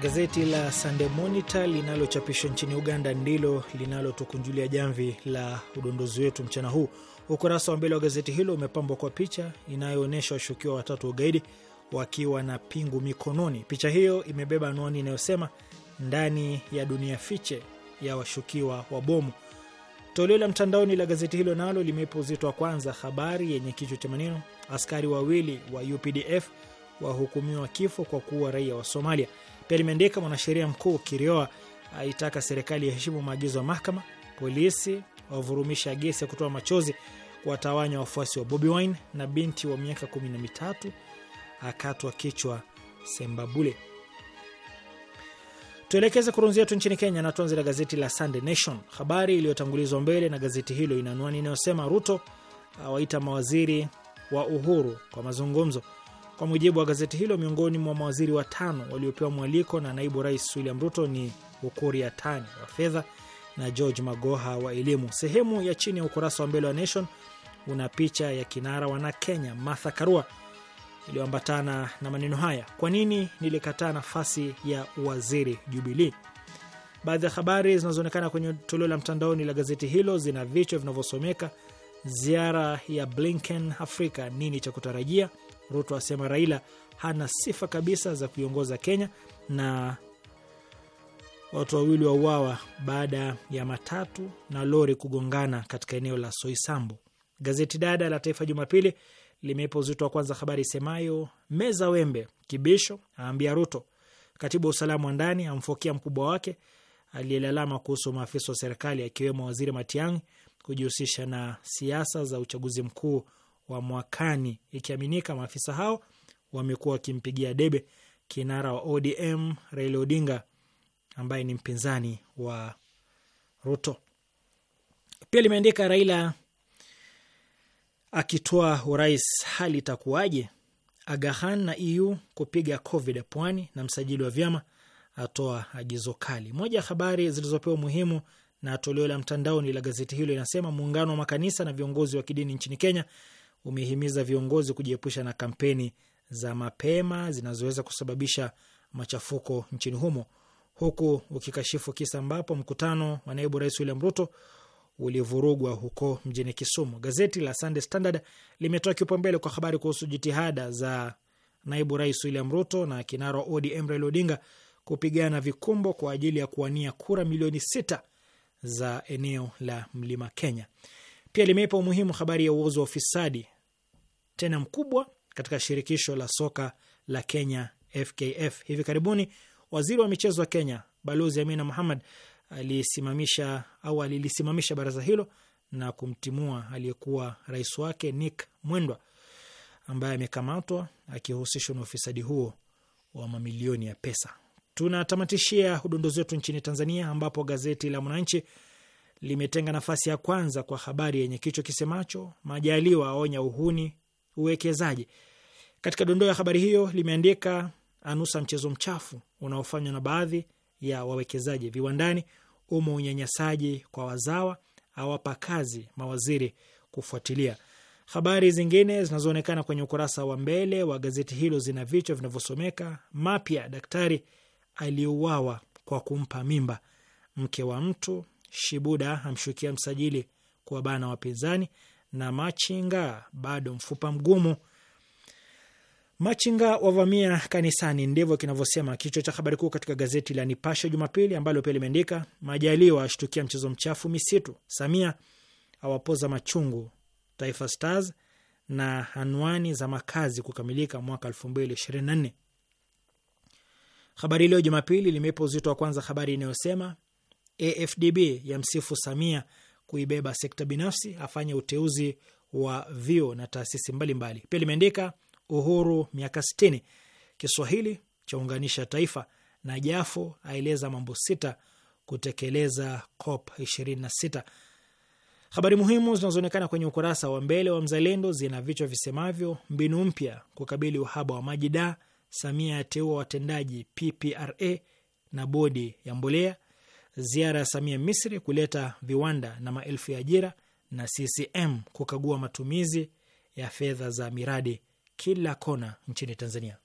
Gazeti la Sunday Monitor linalochapishwa nchini Uganda ndilo linalotukunjulia jamvi la udondozi wetu mchana huu. Ukurasa wa mbele wa gazeti hilo umepambwa kwa picha inayoonyesha washukiwa watatu wa ugaidi wakiwa na pingu mikononi. Picha hiyo imebeba anwani inayosema ndani ya dunia fiche ya washukiwa wa bomu. Toleo la mtandaoni la gazeti hilo nalo limeipa uzito wa kwanza habari yenye kichwa cha maneno askari wawili wa UPDF wahukumiwa kifo kwa kuua raia wa Somalia. Pia limeandika mwanasheria mkuu Kirioa aitaka serikali yaheshimu maagizo ya mahakama. Polisi wavurumisha gesi ya kutoa machozi kuwatawanya wafuasi wa Bobi Wine, na binti wa miaka kumi na mitatu akatwa kichwa Sembabule. Tuelekeze kurunzi yetu nchini Kenya na tuanze na gazeti la Sunday Nation. Habari iliyotangulizwa mbele na gazeti hilo ina anwani inayosema Ruto awaita mawaziri wa Uhuru kwa mazungumzo. Kwa mujibu wa gazeti hilo, miongoni mwa mawaziri watano waliopewa mwaliko na naibu rais William Ruto ni Ukur Yatani wa fedha na George Magoha wa elimu. Sehemu ya chini ya ukurasa wa mbele wa Nation una picha ya kinara wana Kenya Martha Karua iliyoambatana na maneno haya, kwa nini nilikataa nafasi ya uwaziri jubilii Baadhi ya habari zinazoonekana kwenye toleo la mtandaoni la gazeti hilo zina vichwa vinavyosomeka ziara ya Blinken Afrika, nini cha kutarajia Ruto asema Raila hana sifa kabisa za kuiongoza Kenya, na watu wawili wauawa baada ya matatu na lori kugongana katika eneo la Soisambu. Gazeti dada la Taifa Jumapili limeipa uzito wa kwanza habari isemayo meza wembe, Kibisho aambia Ruto. Katibu wa usalama wa ndani amfokia mkubwa wake aliyelalama kuhusu maafisa wa serikali akiwemo Waziri Matiang'i kujihusisha na siasa za uchaguzi mkuu wa mwakani, ikiaminika maafisa hao wamekuwa wakimpigia debe kinara wa ODM Raila Odinga ambaye ni mpinzani wa Ruto. Pia limeandika Raila akitoa urais hali itakuwaje? Agahan na EU kupiga Covid pwani, na msajili wa vyama atoa agizo kali. Moja ya habari zilizopewa umuhimu na toleo la mtandaoni la gazeti hilo inasema muungano wa makanisa na viongozi wa kidini nchini Kenya umehimiza viongozi kujiepusha na kampeni za mapema zinazoweza kusababisha machafuko nchini humo, huku ukikashifu kisa ambapo mkutano wa naibu rais William Ruto ulivurugwa huko mjini Kisumu. Gazeti la Sunday Standard limetoa kipaumbele kwa habari kuhusu jitihada za naibu rais William Ruto na kinara odi ODM Raila Odinga kupigana vikumbo kwa ajili ya kuwania kura milioni sita za eneo la mlima Kenya. Pia limeipa umuhimu habari ya uozo wa ufisadi tena mkubwa katika shirikisho la soka la Kenya FKF. Hivi karibuni waziri wa michezo wa Kenya Balozi Amina Muhammad alisimamisha au alilisimamisha baraza hilo na kumtimua aliyekuwa rais wake Nick Mwendwa ambaye amekamatwa akihusishwa na ufisadi huo wa mamilioni ya pesa. Tunatamatishia udondozi wetu nchini Tanzania, ambapo gazeti la Mwananchi limetenga nafasi ya kwanza kwa habari yenye kichwa kisemacho Majaliwa aonya uhuni uwekezaji. Katika dondoo ya habari hiyo limeandika anusa mchezo mchafu unaofanywa na baadhi ya wawekezaji viwandani, umo unyanyasaji kwa wazawa, awapa kazi mawaziri kufuatilia. Habari zingine zinazoonekana kwenye ukurasa wa mbele wa gazeti hilo zina vichwa vinavyosomeka mapya, daktari aliuawa kwa kumpa mimba, mke wa mtu, Shibuda amshukia msajili bana wapinzani, na machinga bado mfupa mgumu. Machinga wavamia kanisani, ndivyo kinavyosema kichwa cha habari kuu katika gazeti la Nipashe Jumapili, ambalo pia limeandika Majaliwa ashtukia mchezo mchafu misitu, Samia awapoza machungu Taifa Stars na anwani za makazi kukamilika mwaka 2024. Habari Leo Jumapili limeipa uzito wa kwanza habari inayosema AFDB ya msifu Samia kuibeba sekta binafsi, afanye uteuzi wa vio na taasisi mbalimbali. Pia limeandika uhuru miaka sitini, Kiswahili chaunganisha taifa, na Jafo aeleza mambo sita kutekeleza COP 26. Habari muhimu zinazoonekana kwenye ukurasa wa mbele wa Mzalendo zina vichwa visemavyo: mbinu mpya kukabili uhaba wa maji, da Samia ateua watendaji PPRA na bodi ya mbolea ziara ya Samia Misri kuleta viwanda na maelfu ya ajira, na CCM kukagua matumizi ya fedha za miradi kila kona nchini Tanzania.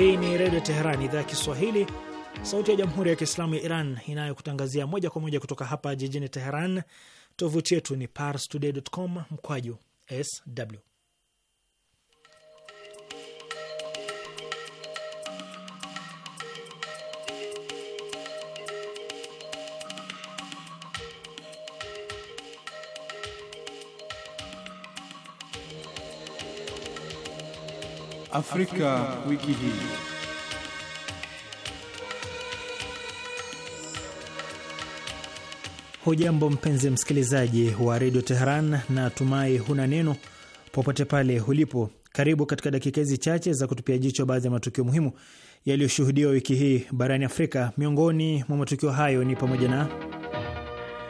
Hii ni Redio Teheran, idhaa ya Kiswahili, sauti ya Jamhuri ya Kiislamu ya Iran inayokutangazia moja kwa moja kutoka hapa jijini Teheran. Tovuti yetu ni parstoday.com mkwaju sw Afrika, wiki hii. Hujambo mpenzi msikilizaji wa redio Teheran na tumai huna neno popote pale ulipo. Karibu katika dakika hizi chache za kutupia jicho baadhi ya matukio muhimu yaliyoshuhudiwa wiki hii barani Afrika. Miongoni mwa matukio hayo ni pamoja na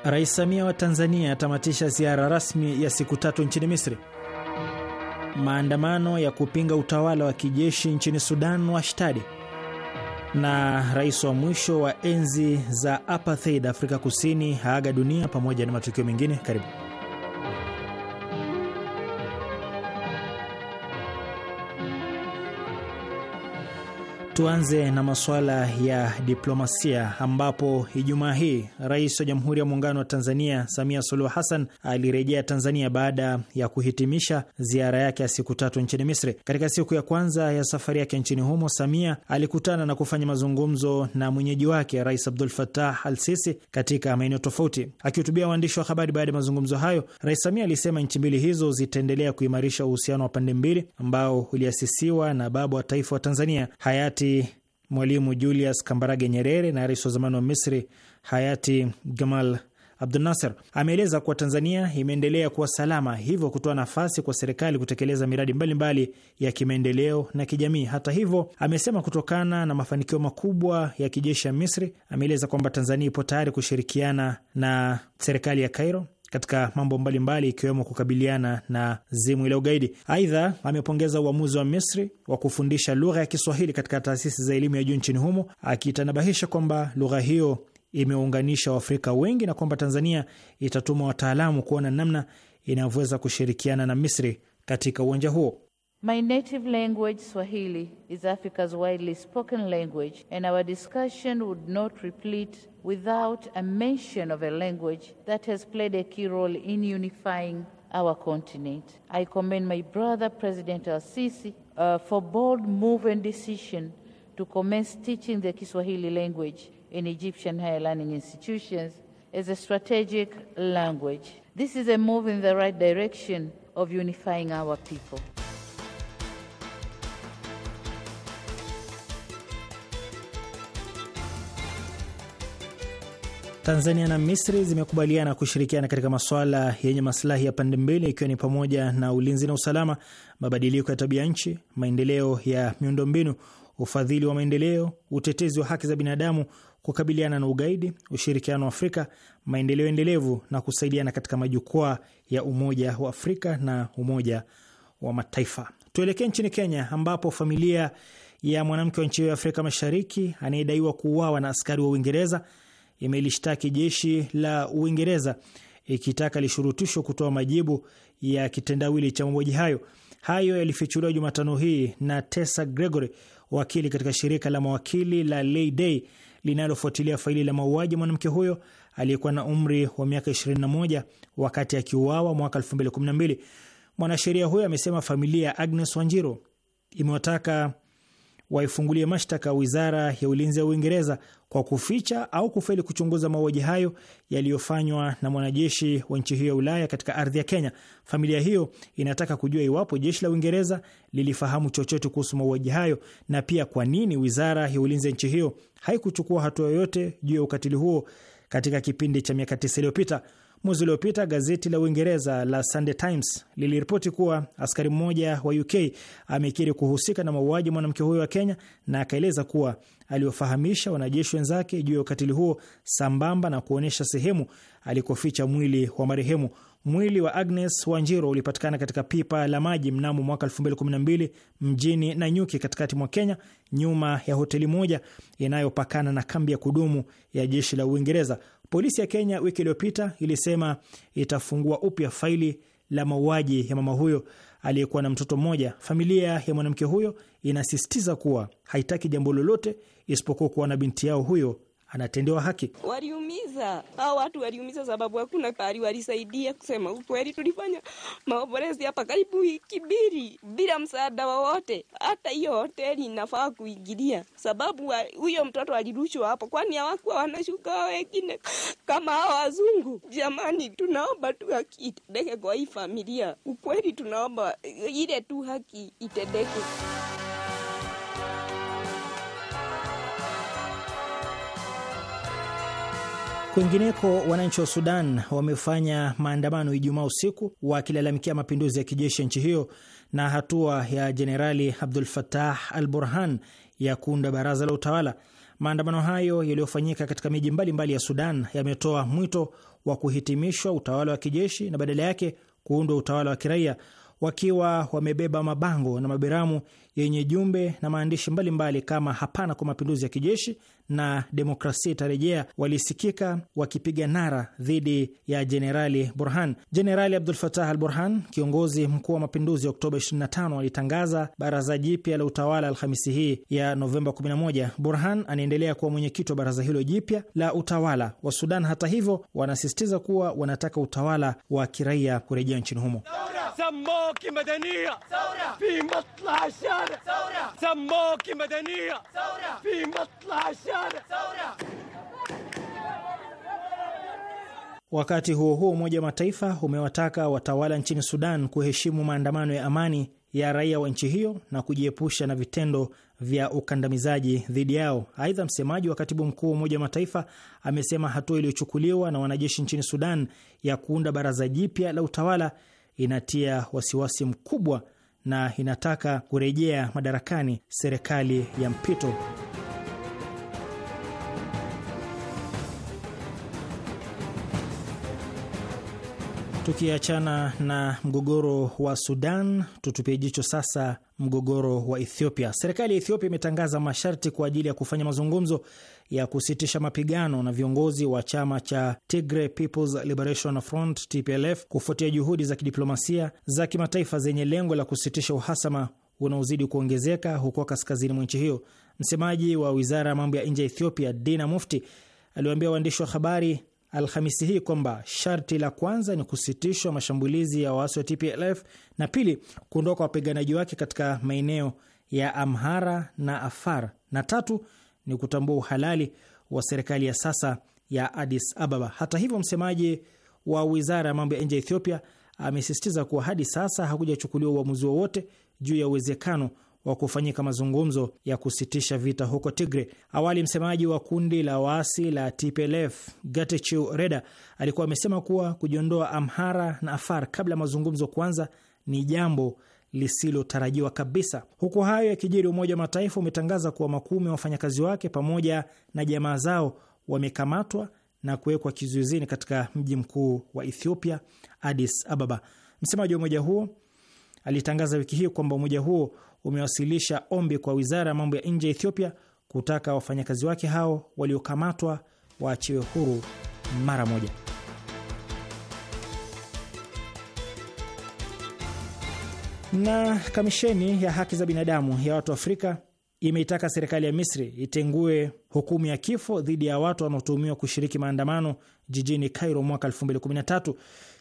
Rais Samia wa Tanzania atamatisha ziara rasmi ya siku tatu nchini Misri, maandamano ya kupinga utawala wa kijeshi nchini Sudan washtadi, na rais wa mwisho wa enzi za apartheid Afrika Kusini haaga dunia, pamoja na matukio mengine. Karibu. Tuanze na masuala ya diplomasia ambapo Ijumaa hii Rais wa Jamhuri ya Muungano wa Tanzania Samia Suluhu Hassan alirejea Tanzania baada ya kuhitimisha ziara yake ya siku tatu nchini Misri. Katika siku ya kwanza ya safari yake nchini humo, Samia alikutana na kufanya mazungumzo na mwenyeji wake Rais Abdul fatah Al Sisi katika maeneo tofauti. Akihutubia waandishi wa habari baada ya mazungumzo hayo, Rais Samia alisema nchi mbili hizo zitaendelea kuimarisha uhusiano wa pande mbili ambao uliasisiwa na baba wa taifa wa Tanzania hayati Mwalimu Julius Kambarage Nyerere na rais wa zamani wa Misri hayati Gamal Abdel Nasser ameeleza kuwa Tanzania imeendelea kuwa salama, hivyo kutoa nafasi kwa serikali kutekeleza miradi mbalimbali mbali ya kimaendeleo na kijamii. Hata hivyo, amesema kutokana na mafanikio makubwa ya kijeshi ya Misri, ameeleza kwamba Tanzania ipo tayari kushirikiana na serikali ya Cairo katika mambo mbalimbali ikiwemo kukabiliana na zimu ile ugaidi. Aidha, amepongeza uamuzi wa Misri wa kufundisha lugha ya Kiswahili katika taasisi za elimu ya juu nchini humo, akitanabahisha kwamba lugha hiyo imeunganisha Waafrika wengi na kwamba Tanzania itatuma wataalamu kuona namna inavyoweza kushirikiana na Misri katika uwanja huo. My native language, Swahili, is Africa's widely spoken language, and our discussion would not replete without a mention of a language that has played a key role in unifying our continent. I commend my brother, President Al Sisi, uh, for bold move and decision to commence teaching the Kiswahili language in Egyptian higher learning institutions as a strategic language. This is a move in the right direction of unifying our people. Tanzania na Misri zimekubaliana kushirikiana katika masuala yenye masilahi ya pande mbili ikiwa ni pamoja na ulinzi na usalama, mabadiliko ya tabia nchi, maendeleo ya miundombinu, ufadhili wa maendeleo, utetezi wa haki za binadamu, kukabiliana na ugaidi, ushirikiano wa Afrika, maendeleo endelevu na kusaidiana katika majukwaa ya Umoja wa Afrika na Umoja wa Mataifa. Tuelekee nchini Kenya ambapo familia ya mwanamke wa nchi hiyo ya Afrika Mashariki anayedaiwa kuuawa na askari wa Uingereza imelishtaki jeshi la Uingereza ikitaka lishurutishwe kutoa majibu ya kitendawili cha mauaji hayo. Hayo yalifichuliwa Jumatano hii na Tessa Gregory, wakili katika shirika la mawakili la Lay Day linalofuatilia faili la mauaji mwanamke huyo aliyekuwa na umri wa miaka 21 wakati akiuawa mwaka 2012. Mwanasheria huyo amesema familia ya Agnes Wanjiru imewataka waifungulie mashtaka wizara ya ulinzi ya Uingereza kwa kuficha au kufeli kuchunguza mauaji hayo yaliyofanywa na mwanajeshi wa nchi hiyo ya Ulaya katika ardhi ya Kenya. Familia hiyo inataka kujua iwapo jeshi la Uingereza lilifahamu chochote kuhusu mauaji hayo na pia kwa nini wizara ya ulinzi ya nchi hiyo haikuchukua hatua yoyote juu ya ukatili huo katika kipindi cha miaka tisa iliyopita. Mwezi uliopita gazeti la Uingereza la Sunday Times liliripoti kuwa askari mmoja wa UK amekiri kuhusika na mauaji mwanamke huyo wa Kenya na akaeleza kuwa aliwafahamisha wanajeshi wenzake juu ya ukatili huo sambamba na kuonyesha sehemu alikoficha mwili wa marehemu. Mwili wa Agnes Wanjiro ulipatikana katika pipa la maji mnamo mwaka 2012 mjini Nanyuki katikati mwa Kenya, nyuma ya hoteli moja inayopakana na kambi ya kudumu ya jeshi la Uingereza. Polisi ya Kenya wiki iliyopita ilisema itafungua upya faili la mauaji ya mama huyo aliyekuwa na mtoto mmoja. Familia ya mwanamke huyo inasisitiza kuwa haitaki jambo lolote isipokuwa kuwa na binti yao huyo anatendewa haki. Waliumiza hao watu, waliumiza sababu hakuna pahali walisaidia. Kusema ukweli, tulifanya maombolezi hapa karibu wiki mbili bila msaada wowote. Hata hiyo hoteli inafaa kuingilia, sababu huyo mtoto alirushwa hapo, kwani hawakuwa wanashuka wengine kama hao wazungu. Jamani, tunaomba tu haki itendeke kwa hii familia. Ukweli tunaomba ile tu haki itendeke. Kwingineko, wananchi wa Sudan wamefanya maandamano Ijumaa usiku wakilalamikia mapinduzi ya kijeshi ya nchi hiyo na hatua ya Jenerali Abdul Fattah al Burhan ya kuunda baraza la utawala. Maandamano hayo yaliyofanyika katika miji mbalimbali ya Sudan yametoa mwito wa kuhitimishwa utawala wa kijeshi na badala yake kuundwa utawala wa kiraia, wakiwa wamebeba mabango na mabiramu yenye jumbe na maandishi mbalimbali mbali kama hapana kwa mapinduzi ya kijeshi na demokrasia itarejea walisikika wakipiga nara dhidi ya Jenerali Burhan. Jenerali Abdul Fatah al Burhan, kiongozi mkuu wa mapinduzi ya Oktoba 25, alitangaza baraza jipya la utawala Alhamisi hii ya Novemba 11. Burhan anaendelea kuwa mwenyekiti wa baraza hilo jipya la utawala wa Sudan. Hata hivyo, wanasisitiza kuwa wanataka utawala wa kiraia kurejea nchini humo. Wakati huo huo, Umoja wa Mataifa umewataka watawala nchini Sudan kuheshimu maandamano ya amani ya raia wa nchi hiyo na kujiepusha na vitendo vya ukandamizaji dhidi yao. Aidha, msemaji wa katibu mkuu wa Umoja wa Mataifa amesema hatua iliyochukuliwa na wanajeshi nchini Sudan ya kuunda baraza jipya la utawala inatia wasiwasi mkubwa na inataka kurejea madarakani serikali ya mpito. Tukiachana na mgogoro wa Sudan, tutupie jicho sasa mgogoro wa Ethiopia. Serikali ya Ethiopia imetangaza masharti kwa ajili ya kufanya mazungumzo ya kusitisha mapigano na viongozi wa chama cha Tigray People's Liberation Front TPLF kufuatia juhudi za kidiplomasia za kimataifa zenye lengo la kusitisha uhasama unaozidi kuongezeka huko kaskazini mwa nchi hiyo. Msemaji wa wizara ya mambo ya nje ya Ethiopia, Dina Mufti, aliwaambia waandishi wa habari Alhamisi hii kwamba sharti la kwanza ni kusitishwa mashambulizi ya waasi wa TPLF na pili, kuondoka wapiganaji wake katika maeneo ya Amhara na Afar, na tatu ni kutambua uhalali wa serikali ya sasa ya Addis Ababa. Hata hivyo, msemaji wa wizara ya mambo ya nje ya Ethiopia amesisitiza kuwa hadi sasa hakujachukuliwa uamuzi wowote juu ya uwezekano wa kufanyika mazungumzo ya kusitisha vita huko Tigre. Awali msemaji wa kundi la waasi la TPLF Getachew Reda alikuwa amesema kuwa kujiondoa Amhara na Afar kabla ya mazungumzo kuanza ni jambo lisilotarajiwa kabisa. Huku hayo yakijiri, Umoja wa Mataifa umetangaza kuwa makumi ya wafanyakazi wake pamoja na jamaa zao wamekamatwa na kuwekwa kizuizini katika mji mkuu wa Ethiopia, Addis Ababa. Msemaji wa umoja huo alitangaza wiki hii kwamba umoja huo umewasilisha ombi kwa wizara ya mambo ya nje ya Ethiopia kutaka wafanyakazi wake hao waliokamatwa waachiwe huru mara moja. Na kamisheni ya haki za binadamu ya watu Afrika imeitaka serikali ya Misri itengue hukumu ya kifo dhidi ya watu wanaotuhumiwa kushiriki maandamano jijini Cairo mwaka 2013.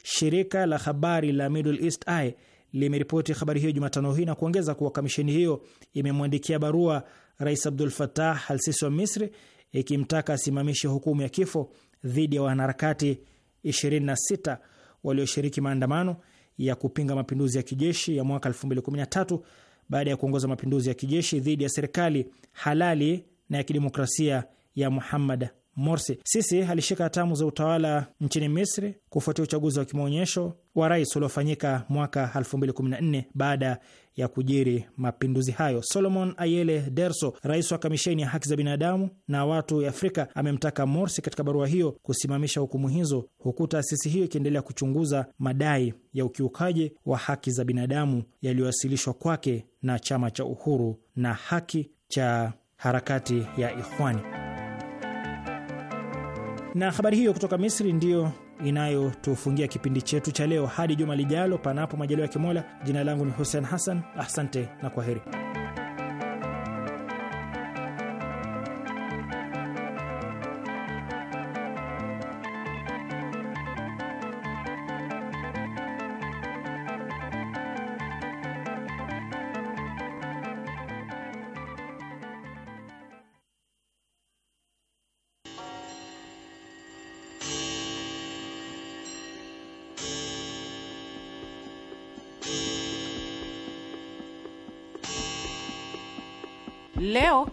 Shirika la habari la Middle East Eye limeripoti habari hiyo Jumatano hii na kuongeza kuwa kamisheni hiyo imemwandikia barua Rais Abdul fatah al-Sisi wa Misri ikimtaka asimamishe hukumu ya kifo dhidi ya wanaharakati 26 walioshiriki maandamano ya kupinga mapinduzi ya kijeshi ya mwaka 2013 baada ya kuongoza mapinduzi ya kijeshi dhidi ya serikali halali na ya kidemokrasia ya Muhammad Morsi. Sisi alishika hatamu za utawala nchini Misri kufuatia uchaguzi wa kimaonyesho wa rais uliofanyika mwaka 2014 baada ya kujiri mapinduzi hayo. Solomon Ayele Derso, rais wa kamisheni ya haki za binadamu na watu ya Afrika, amemtaka Morsi katika barua hiyo kusimamisha hukumu hizo, huku taasisi hiyo ikiendelea kuchunguza madai ya ukiukaji wa haki za binadamu yaliyowasilishwa kwake na chama cha uhuru na haki cha harakati ya Ikhwani. Na habari hiyo kutoka Misri ndiyo inayotufungia kipindi chetu cha leo. Hadi juma lijalo, panapo majaliwa ya Kimola. Jina langu ni Hussein Hassan, asante na kwa heri.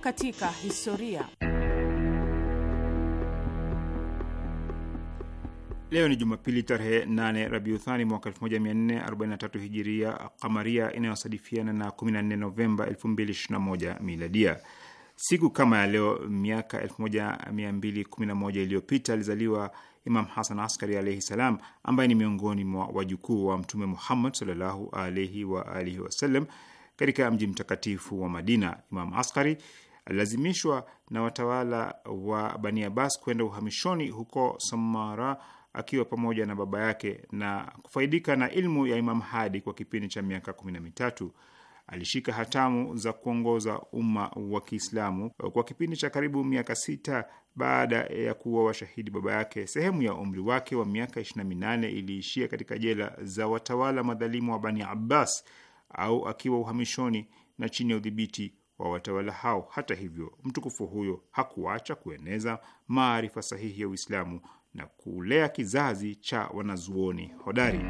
katika historia. Leo ni Jumapili tarehe 8 Rabiuthani mwaka 1443 hijiria kamaria inayosadifiana na 14 Novemba 2021 miladia. Siku kama ya leo miaka 1211 iliyopita alizaliwa Imam Hasan Askari alaihi salam, ambaye ni miongoni mwa wajukuu wa Mtume Muhammad sallallahu alaihi wa alihi wasallam katika mji mtakatifu wa Madina. Imam Askari alilazimishwa na watawala wa Bani Abbas kwenda uhamishoni huko Samara akiwa pamoja na baba yake na kufaidika na ilmu ya Imam Hadi kwa kipindi cha miaka kumi na mitatu. Alishika hatamu za kuongoza umma wa Kiislamu kwa kipindi cha karibu miaka sita baada ya kuwa washahidi baba yake. Sehemu ya umri wake wa miaka minane iliishia katika jela za watawala madhalimu wa Bani Abbas au akiwa uhamishoni na chini ya udhibiti wa watawala hao. Hata hivyo, mtukufu huyo hakuacha kueneza maarifa sahihi ya Uislamu na kulea kizazi cha wanazuoni hodari.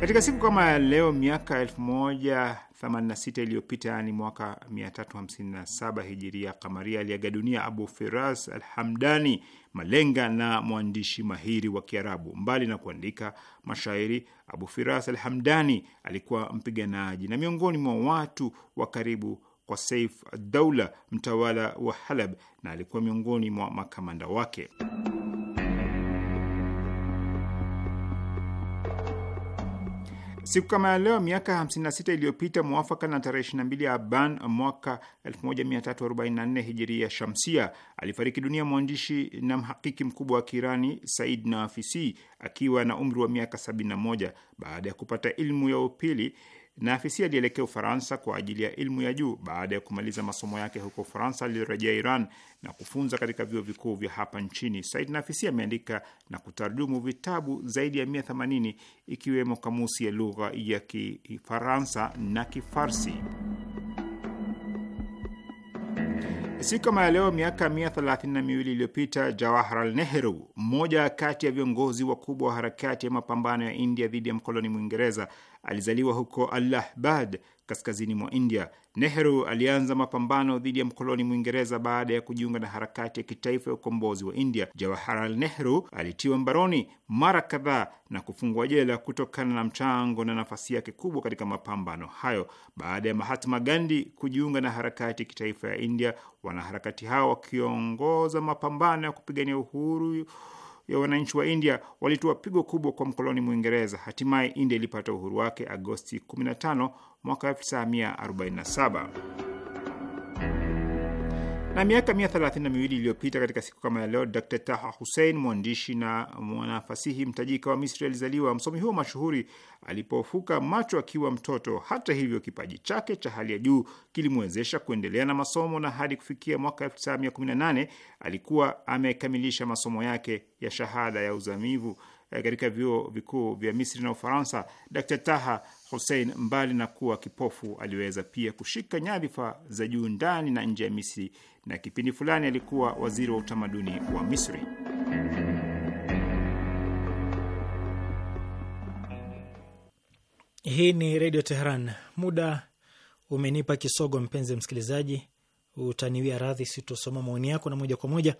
Katika siku kama ya leo miaka 1086 iliyopita, yaani mwaka 357 hijiria kamaria, aliaga dunia Abu Firas Alhamdani, malenga na mwandishi mahiri wa Kiarabu. Mbali na kuandika mashairi, Abu Firas Alhamdani alikuwa mpiganaji na miongoni mwa watu wa karibu kwa Saif Daula, mtawala wa Halab, na alikuwa miongoni mwa makamanda wake. Siku kama ya leo miaka 56 iliyopita mwafaka na tarehe 22 Aban mwaka 1344 hijiria shamsia alifariki dunia mwandishi na mhakiki mkubwa wa Kiirani Said Nafisi akiwa na umri wa miaka 71 baada ya kupata ilmu ya upili na afisi alielekea Ufaransa kwa ajili ya elimu ya juu. Baada ya kumaliza masomo yake huko Ufaransa, alirejea Iran na kufunza katika vyuo vikuu vya hapa nchini. Said Nafisi ameandika na kutarjumu vitabu zaidi ya mia ikiwemo kamusi ya lugha ya Kifaransa na Kifarsi. Siku kama ya leo miaka mia thelathini na miwili iliyopita Jawaharlal Nehru, mmoja kati ya viongozi wakubwa wa harakati ya mapambano ya India dhidi ya mkoloni Mwingereza, Alizaliwa huko Allahabad kaskazini mwa India. Nehru alianza mapambano dhidi ya mkoloni Mwingereza baada ya kujiunga na harakati ya kitaifa ya ukombozi wa India. Jawaharlal Nehru alitiwa mbaroni mara kadhaa na kufungwa jela kutokana na mchango na nafasi yake kubwa katika mapambano hayo. Baada ya Mahatma Gandhi kujiunga na harakati ya kitaifa ya India, wanaharakati hao wakiongoza mapambano ya kupigania uhuru ya wananchi wa India walitoa pigo kubwa kwa mkoloni Mwingereza. Hatimaye India ilipata uhuru wake Agosti 15 mwaka 1947. Na miaka mia thelathini na miwili iliyopita katika siku kama ya leo, Dr Taha Hussein, mwandishi na mwanafasihi mtajika wa Misri, alizaliwa. Msomi huo mashuhuri alipofuka macho akiwa mtoto. Hata hivyo, kipaji chake cha hali ya juu kilimwezesha kuendelea na masomo na hadi kufikia mwaka 1918 alikuwa amekamilisha masomo yake ya shahada ya uzamivu eh, katika vyuo vikuu vya Misri na Ufaransa. Dr Taha Hussein, mbali na kuwa kipofu, aliweza pia kushika nyadhifa za juu ndani na nje ya Misri, na kipindi fulani alikuwa waziri wa utamaduni wa Misri. Hii ni Redio Teheran. Muda umenipa kisogo, mpenzi msikilizaji, utaniwia radhi, sitosoma maoni yako, na moja kwa moja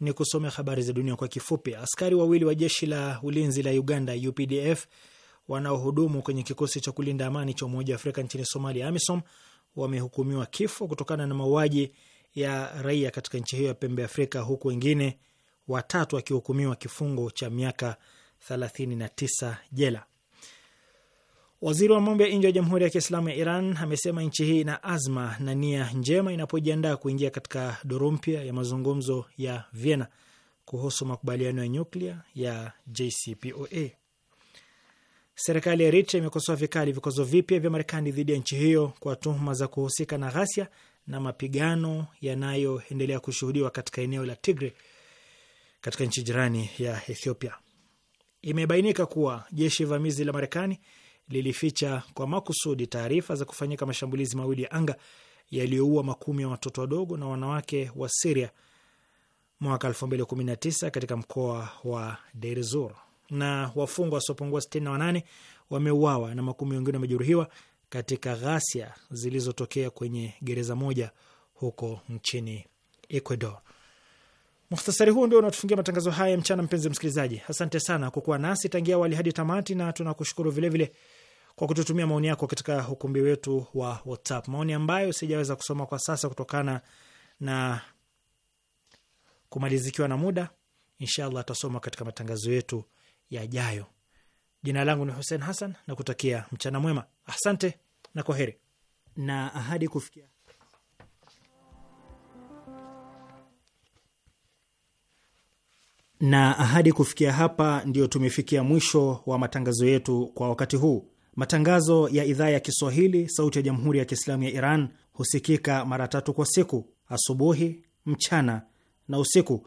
ni kusomea habari za dunia kwa kifupi. Askari wawili wa jeshi la ulinzi la Uganda, UPDF, wanaohudumu kwenye kikosi cha kulinda amani cha Umoja wa Afrika nchini Somalia, AMISOM, wamehukumiwa kifo kutokana na mauaji ya raia katika nchi hiyo ya pembe Afrika, huku wengine watatu wakihukumiwa kifungo cha miaka 39 jela. Waziri wa mambo ya nje wa Jamhuri ya Kiislamu ya Iran amesema nchi hii ina azma na nia njema inapojiandaa kuingia katika duru mpya ya mazungumzo ya Vienna kuhusu makubaliano ya nyuklia ya JCPOA. Serikali ya Eritrea imekosoa vikali vikwazo vipya vya Marekani dhidi ya nchi hiyo kwa tuhuma za kuhusika na ghasia na mapigano yanayoendelea kushuhudiwa katika eneo la Tigre katika nchi jirani ya Ethiopia. Imebainika kuwa jeshi vamizi la Marekani lilificha kwa makusudi taarifa za kufanyika mashambulizi mawili ya anga yaliyoua makumi ya watoto wadogo na wanawake wa Siria mwaka 2019 katika mkoa wa Deir ez-Zor na wafungwa wasiopungua sitini na wanane wameuawa na makumi wengine wamejeruhiwa katika ghasia zilizotokea kwenye gereza moja huko nchini Ecuador. Mukhtasari huu ndio unatufungia matangazo haya ya mchana. Mpenzi msikilizaji, asante sana kwa kuwa nasi tangia awali hadi tamati, na tunakushukuru vilevile kwa kututumia maoni yako katika ukumbi wetu wa WhatsApp, maoni ambayo sijaweza kusoma kwa sasa kutokana na kumalizikiwa na muda. Inshallah atasoma katika matangazo yetu yajayo. Jina langu ni Hussein Hassan na kutakia mchana mwema. Asante na kwa heri na ahadi kufikia na ahadi kufikia hapa, ndiyo tumefikia mwisho wa matangazo yetu kwa wakati huu. Matangazo ya idhaa ya Kiswahili sauti ya jamhuri ya Kiislamu ya Iran husikika mara tatu kwa siku: asubuhi, mchana na usiku.